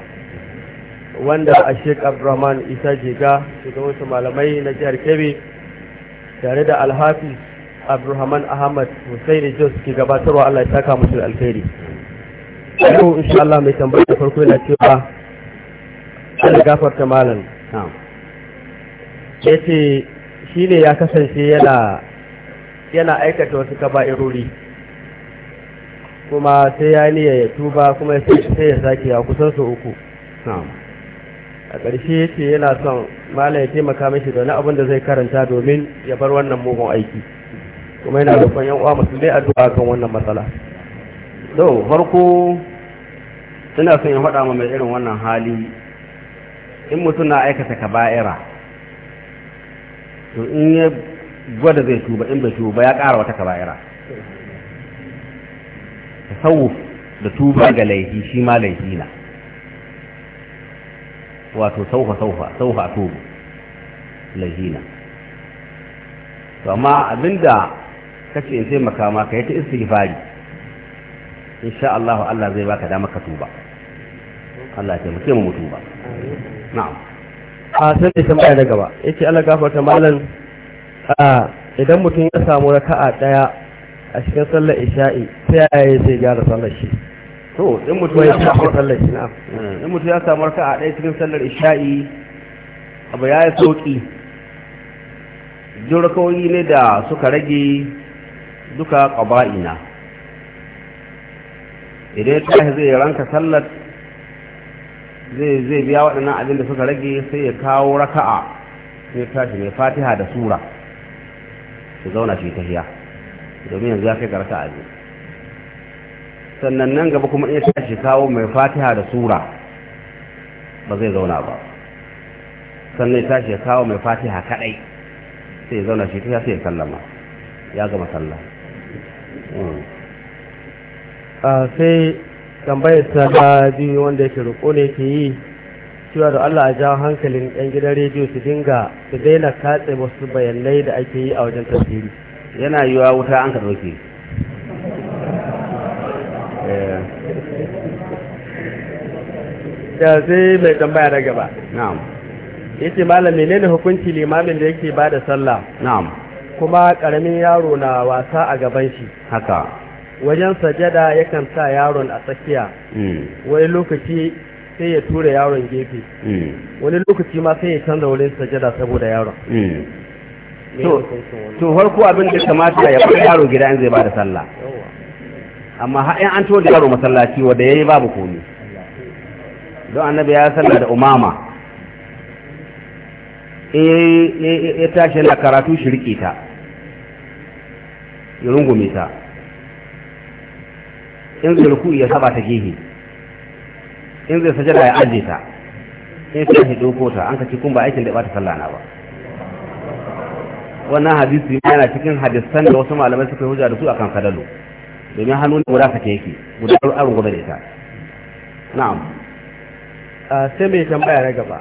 wanda a sheik abdurrahman isa jiga shugaban su malamai na jihar kebbi tare da alhafi abdurrahman ahmad hussaini jos ke gabatarwa allah ya taka musu alheri. yau insha allah mai tambayar da farko yana cewa ana gafarta malam ya ce shi ne ya kasance yana yana aikata wasu kaba'irori kuma sai ya niyya ya tuba kuma sai ya sake ya kusan su uku a ƙarshe ya yana son mala ya taimaka mashi da wani abin da zai karanta domin ya bar wannan mugun aiki kuma yana da yan uwa musulmai addu'a kan wannan matsala to farko ina son in faɗa ma mai irin wannan hali in mutum na aikata ba'ira to in ya gwada zai tuba in bai tuba ya ƙara wata kaba'ira tasawuf da tuba ga laifi shi ma laifi na wato saufa saufa saufa tubu lahina to amma abinda kace in sai makama kai ta istighfari insha Allah Allah zai baka dama ka tuba Allah ya taimake mu tuba na'am a sai da tambaya da gaba yace Allah gafarta malam a idan mutum ya samu raka'a daya a cikin sallar isha'i sai ya yi sai gyara sallar shi to in mutum ya samu sallar isha in mutum ya samu ɗaya cikin sallar isha'i abu ya yi sauƙi ne da suka rage duka ƙaba'ina idan ya tashi zai ranka sallar zai zai biya waɗannan abin da suka rage sai ya kawo raka'a sai ya tashi mai fatiha da sura su zauna shi tafiya domin yanzu ya kai ga raka'a biyu sannan nan gaba kuma in tashi kawo mai fatiha da sura ba zai zauna ba sannan ya tashi kawo mai fatiha kadai sai ya zauna shi ta sai ya sallama ya gama sallah hmm. sai tambayar ta da biyu wanda yake roƙo ne ke yi cewa da Allah a ja hankalin 'yan gidan rediyo su dinga su daina katse wasu bayanai da ake yi a wajen tasiri yana yiwa wuta an ka ɗauke da eh. sai mai tambaya na gaba na'am yace ne menene hukunci limamin da yake bada sallah na'am kuma karamin yaro na wasa a gaban shi haka wajen sajada yakan sa yaron a tsakiya mm. wani lokaci sai ya tura yaron gefe mm. wani lokaci ma sai ya canza wurin sajada saboda yaron mm. to farko abin da kamata ya fi yaro gida in zai ba da sallah amma har an to da yaro masallaci ya yayi babu komai don annabi ya salla da umama eh, eh, eh ya tashi yana karatu shirki ta ya rungume ta in zai ruku ya saba ta gehe in zai sajada ya aje ta in ta shi doko ta an kace kun ba aikin da ba ta sallah na ba wannan hadisi yana cikin hadisan da wasu malamai suka hujja da su akan kadalo domin hannun ne guda sake yake guda arun gobe da ita na'am sai mai tambaya na gaba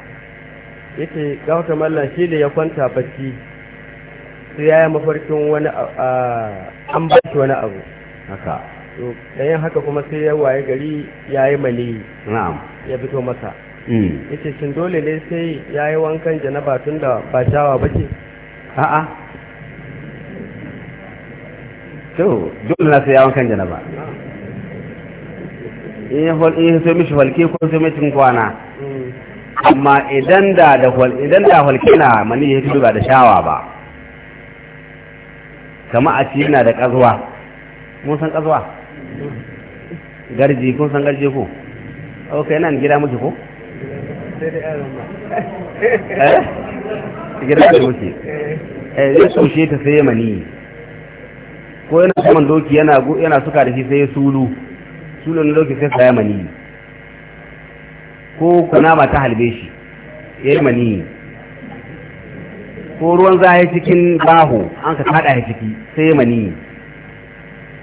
yake ga malla shi da ya kwanta bacci sai ya yi mafarkin wani an ba shi wani abu haka to ɗayan haka kuma sai ya waye gari ya yi mani na'am ya fito masa mm. yake shin dole ne sai ya yi wankan janaba tun da ba shawa ba ce a'a to dole na sai yawon kan janaba in ya so mishi walke ko so cin kwana amma idan da da idan da walke na mani ya fito ba da shawa ba kama a ci yana da kazuwa mun san kazuwa garji kun san garji ko ok nan gida muke ko eh gida muke eh, eh zai soshe ta sai mani ko yana saman doki yana yana suka da shi sai ya sulu sulu na doki sai saya mani ko kunama ta halbe shi ya yi mani ko ruwan za cikin baho an ka kada ya ciki sai ya mani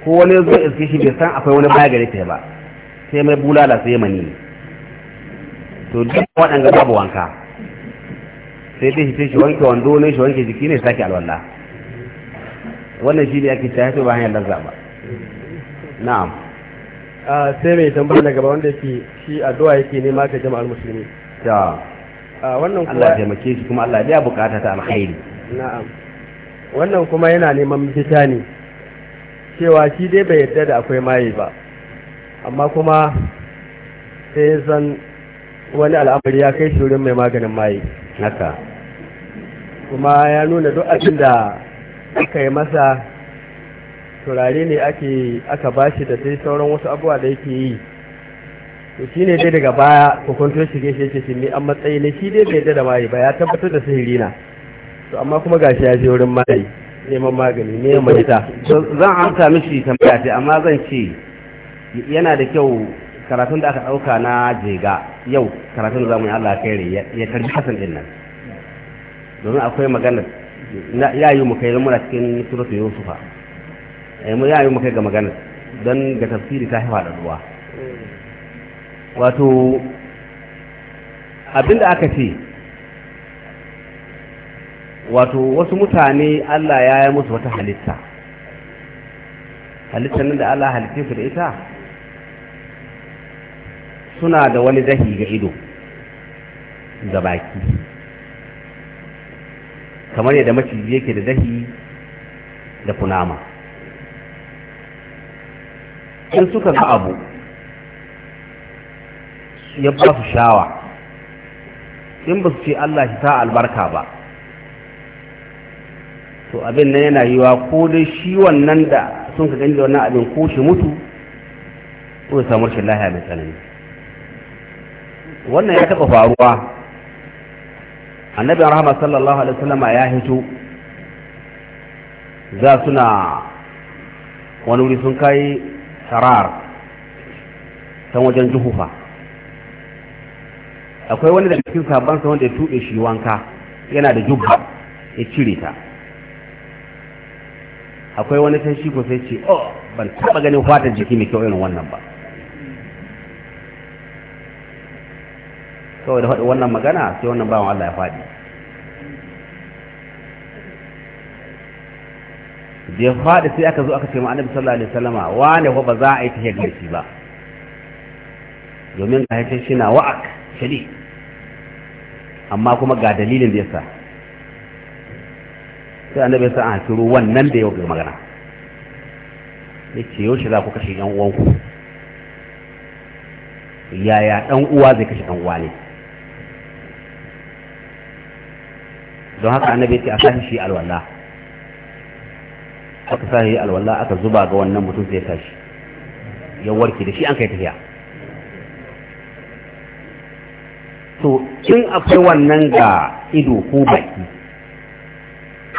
ko wani zo iske shi bai san akwai wani baya gare ta ba sai mai bulala sai ya mani to duk waɗanda babu wanka sai dai shi wanke wando ne shi wanke jiki ne sake alwallah wannan shi ne ake shafi ba hanyar lazza ba na'am a sai mai tambaya na gaba wanda ke shi addu'a yake nema ga jama'ar musulmi ta wannan kuma Allah ya taimake shi kuma Allah ya bukata ta alkhairi na'am wannan kuma yana neman mutunta ne cewa shi dai bai yarda da akwai maye ba amma kuma sai ya san wani al'amari ya kai shi wurin mai maganin maye haka kuma ya nuna duk abin da aka yi masa turare ne ake aka bashi da dai sauran wasu abuwa da yake yi to shi ne dai daga baya kokonto shige shi yake shi ne an matsayi ne shi dai bai da mai ba ya tabbatar da sihiri na to amma kuma gashi ya je wurin mai neman magani ne mahita zan amsa mishi tambaya ce amma zan ce yana da kyau karatun da aka ɗauka na jega yau karatun zamu yi Allah kai ya tarbi hasan din nan domin akwai maganar ya yi mu kai muna cikin suratu yusufa eh, mu ya yi mu kai ga magana don ga tafsiri ta hewa da ruwa wato abinda aka ce wato wasu mutane Allah ya yi musu wata halitta halittar nan da Allah halitta su da ita suna da wani dahi ga ido da baki kamar yadda maciji yake da dahi da kunama in suka ga abu ya ba su shawa in ba su ce Allah shi ta albarka ba to abin nan yana yiwa ko dai shi wannan da sun ka gani da wannan abin ko shi mutu ko ya samu shi lahiya mai tsanani wannan ya taɓa faruwa annabin rahama sallallahu alaihi wasallama ya hito za suna wani wuri sun kai sarar san wajen juhufa akwai wani da cikin sabansa wanda ya tuɗe shi wanka yana da jubba ya cire ta akwai wani ta shi ko sai ce oh ban taɓa ganin fatan jiki mai kyau irin wannan ba kawai da faɗi wannan magana sai wannan bawan Allah ya faɗi da ya faɗi sai aka zo aka ce ma'anar annabi sallallahu alaihi wa ne ko ba za a yi ta da shi ba domin ka haifin shi na wa'ak shari amma kuma ga dalilin da ya sa sai annabi ya sa an shiru ruwan nan da yau magana ya ce yau shi za ku kashe yan uwanku yaya ɗan uwa zai kashe ɗan uwa ne don haka annabi ya a sashi shi alwala aka sahi alwala aka zuba ga wannan mutum sai ya tashi ya warke da shi an kai tafiya to in akwai wannan ga ido ko baki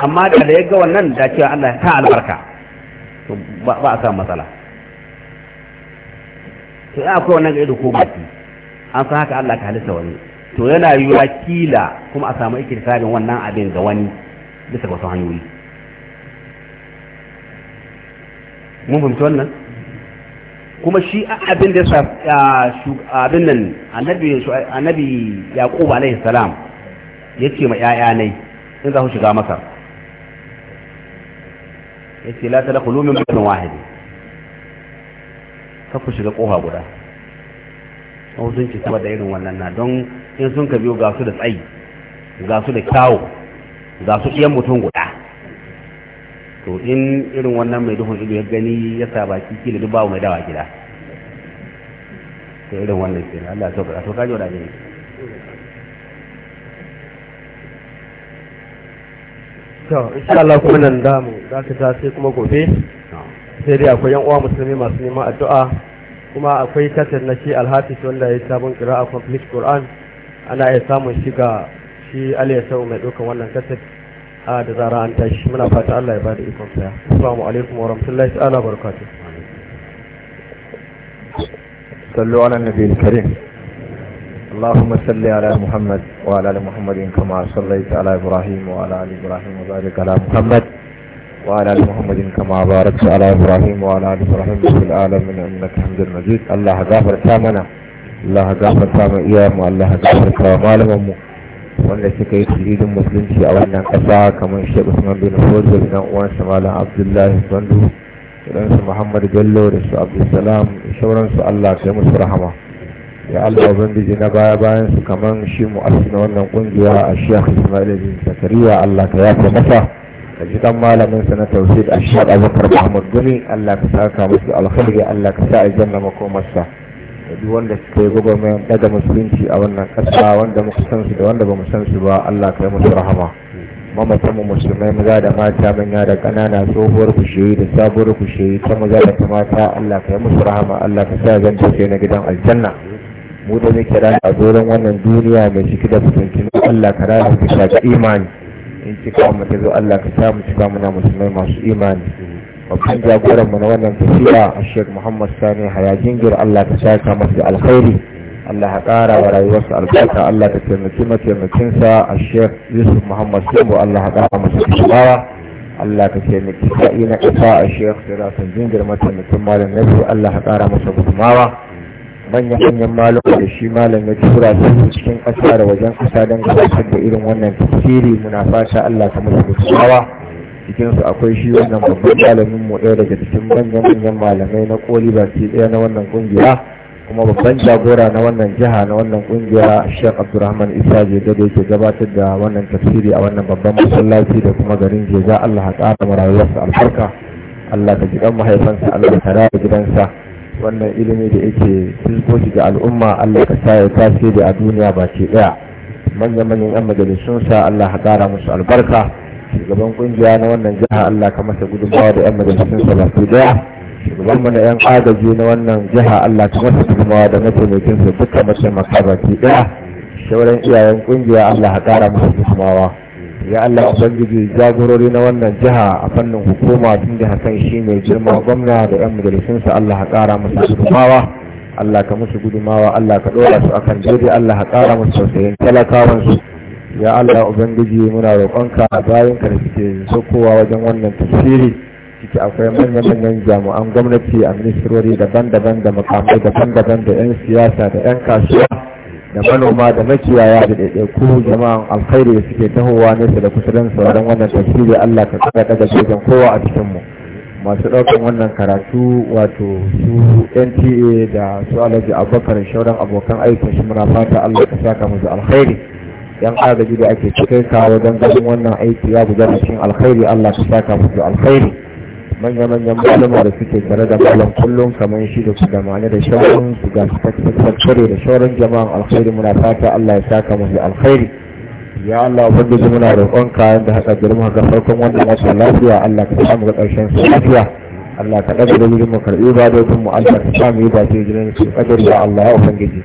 amma da da ya ga wannan da cewa Allah ta albarka to ba a samu matsala to in akwai wannan ga ido ko baki an san haka Allah ka halitta wani to yana yiwa kila kuma a samu sabin wannan abin ga wani bisa wasu hanyoyi mun fahimci wannan kuma shi abin da ya abin nan annabi annabi yaqub alaihi salam yace ma yaya ne in za ku shiga masar yace la tadkhulu min bakin wahidi ka ku shiga kofa guda sun ce saboda irin wannan na don in sun ka biyo ga su da tsayi ga su da kyawu ga su ɗiyan mutum guda to in irin wannan mai duhun ido ya gani ya sa baki kila duk babu mai dawa gida to irin wannan ke Allah ya sauka to kaje wadaje to insha Allah kuma nan da mu za ka ta sai kuma gobe sai dai akwai yan uwa musulmi masu neman addu'a kuma akwai kasar na shi alhafiz wanda ya yi sabon a complete Qur'an ana iya samun shiga shi aliyasau mai ɗaukar wannan kasar a da zara an tashi muna fata Allah ya ba da ikon saya assalamu alaikum wa rahmatullahi ta'ala barakatuh sallu ala nabiyil karim Muhammad in kama محمد وعلى ال محمد كما صليت على ابراهيم وعلى ال ابراهيم وبارك على محمد وعلى ال محمد كما باركت على ابراهيم وعلى ال ابراهيم في العالمين انك حمد مجيد الله غافر ثمنا Allah gafarta ma iyayenmu Allah gafarta ma malamanmu wanda suka yi tasirin musulunci a wannan ƙasa kamar Sheikh Usman bin Fozo da ɗan uwansa Malam Abdullahi Bandu da su Muhammad Bello da su Abdulsalam da sauransu Allah ta musu rahama ya Allah ubangiji na baya bayan su kaman shi mu mu'assin wannan kungiya a Sheikh Ismail bin Zakariya Allah ka yafe masa da shi dan malamin sa na tauhid a Sheikh Abubakar Muhammad Gumi Allah ka saka musu alkhairi Allah ka sa aljanna makomarsa da duk wanda suka yi gwagwarmayar daga musulunci a wannan ƙasa wanda muka san su da wanda ba mu san su ba Allah kai musu rahama mamatan mu musulmai maza da mata manya da ƙanana tsohuwar kushiyoyi da sabuwar kushiyoyi ta maza da ta mata Allah kai musu rahama Allah ka sa zan tafiye na gidan aljanna mu da muke rayuwa a doron wannan duniya mai ciki da fitintunu Allah ka rana bisa shaƙi imani in cika mu ta zo Allah ka sa mu cika muna musulmai masu imani babban jagoran mu na wannan tafiya a Sheikh Muhammad Sani Haya Jingir Allah ta saka masa alkhairi Allah ya kara wa rayuwarsa albarka Allah ta taimaki mataimakinsa a Sheikh Yusuf Muhammad Sambo Allah ya ƙara masa kibawa Allah ka taimaki sa'i na ƙasa a Sheikh Sirafin Jingir mataimakin Malam Nabi Allah ya kara masa gudumawa manyan manyan malama da shi malam ya tura su cikin ƙasa da wajen ƙasa don gabatar da irin wannan tafsiri muna fata Allah ta musu gudumawa cikinsu akwai shi wannan babban malamin mu ɗaya daga cikin manyan manyan malamai na koli baki ɗaya na wannan kungiya kuma babban jagora na wannan jiha na wannan kungiya Sheikh Abdulrahman Isa Jega da yake gabatar da wannan tafsiri a wannan babban masallaci da kuma garin jeza Allah ya ƙara mu rayuwarsa albarka Allah ka dan mahaifansa Allah ta raya gidansa wannan ilimi da yake tilkoki ga al'umma Allah ka sa ya tasiri a duniya baki ɗaya manyan manyan 'yan sa Allah ya ƙara musu albarka shugaban kungiya na wannan jiha Allah ka masa gudunmawa da yan majalisun salatu daya shugaban mu na yan agaji na wannan jiha Allah ka masa gudunmawa da mataimakin su duka mataimaka baki daya shawarar iyayen kungiya Allah ka kara masa gudunmawa ya Allah ubangiji jagorori na wannan jiha a fannin hukuma tun da hasan shi mai girma gwamna da yan sa Allah ka kara musu gudunmawa Allah ka musu gudunmawa Allah ka dora su akan daidai Allah ka kara musu tausayin talakawansu ya Allah ubangiji muna roƙonka bayan ka da suke sokowa wajen wannan tafsiri ciki akwai manya-manyan jami'an gwamnati a ministrori daban-daban da makamai daban-daban da 'yan siyasa da 'yan kasuwa da manoma da makiyaya da ɗaiɗaiku jama'an alkhairi da suke tahowa nesa da kusurin sauran wannan tafsiri Allah ka kada daga kowa a cikin mu masu ɗaukar wannan karatu wato su nta da su alhaji abubakar shauran abokan aikin shi muna fata Allah ka saka musu alkhairi yan agaji da ake cikai kawo don ganin wannan aiki ya buga cikin alkhairi Allah ka saka musu alkhairi manya-manyan malama da suke tare da malam kullum kamar shi da su gamane da shauran su ga sakare da shauran jama'an alkhairi muna fata Allah ya saka musu alkhairi ya Allah ubangiji muna roƙon kayan da haka girma ga farkon wannan wata lafiya Allah ka samu ga ƙarshen su lafiya Allah ka ɗaga da mu karɓi ba, ibadodin mu Allah ka samu yi ba sai jiran su ƙadar ya Allah ya ubangiji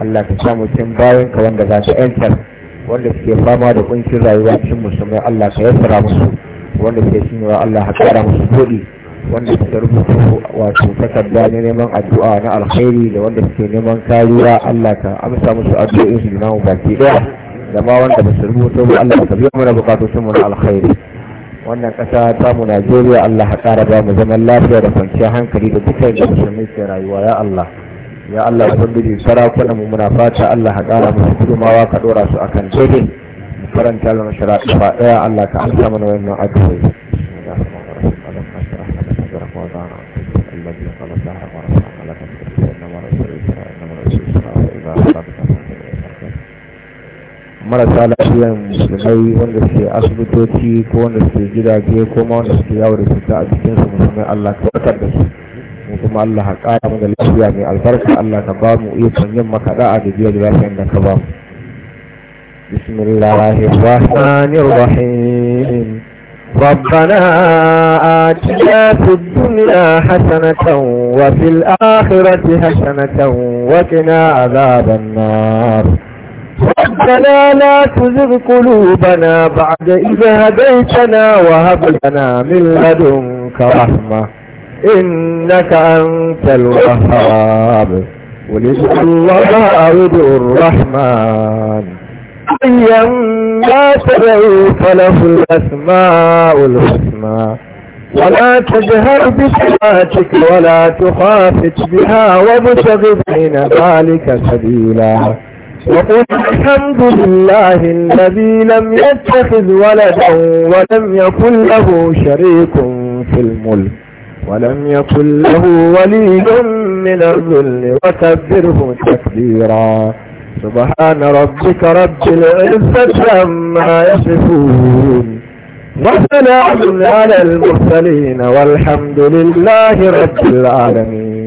Allah ka samu cin bayan ka wanda za ta 'yantar wanda suke fama da kuncin rayuwa cikin musulmai Allah ka yassara musu wanda suke cinyewa Allah ka kara musu buɗi wanda suka rubutu wato takarda na neman addu'a na alkhairi da wanda suke neman kariya Allah ka amsa musu addu'o'in su namu baki daya da ma wanda ba su rubuta ba Allah ka biya mana bukatun mu na alkhairi wannan ƙasa ta mu Najeriya Allah ka kara ba mu zaman lafiya da kwanciyar hankali da dukkan da musulmai ke rayuwa ya Allah ya Allah ubangiji sarakunan mu muna fata Allah ka kara musu gudumawa ka dora su akan daidai mu karanta lana sharaɗi ba ɗaya Allah ka amsa mana wannan addu'o'i marasa lafiyar musulmai wanda suke asibitoci ko wanda suke gidaje ko ma wanda suke yawo da cuta a cikinsu musulmai Allah ka warkar da su mu kuma Allah ka kara mu da lafiya mai albarka Allah ka ba mu ikon yin maka da'a da biyo da lafiyar da ka ba mu بسم الله الرحمن الرحيم ربنا آتنا في الدنيا حسنة وفي الآخرة حسنة وقنا عذاب النار ربنا لا تزغ قلوبنا بعد إذ هديتنا وهب لنا من لدنك رحمة إنك أنت الوهاب ولد الله أعوذ الرحمن أيا ما تدعو فله الأسماء الحسنى ولا تجهر بصلاتك ولا تخافت بها وابتغ بين ذلك سبيلا وقل الحمد لله الذي لم يتخذ ولدا ولم يكن له شريك في الملك ولم يكن له ولي من الذل وكبره تكبيرا سبحان ربك رب العزة عما يصفون وسلام على المرسلين والحمد لله رب العالمين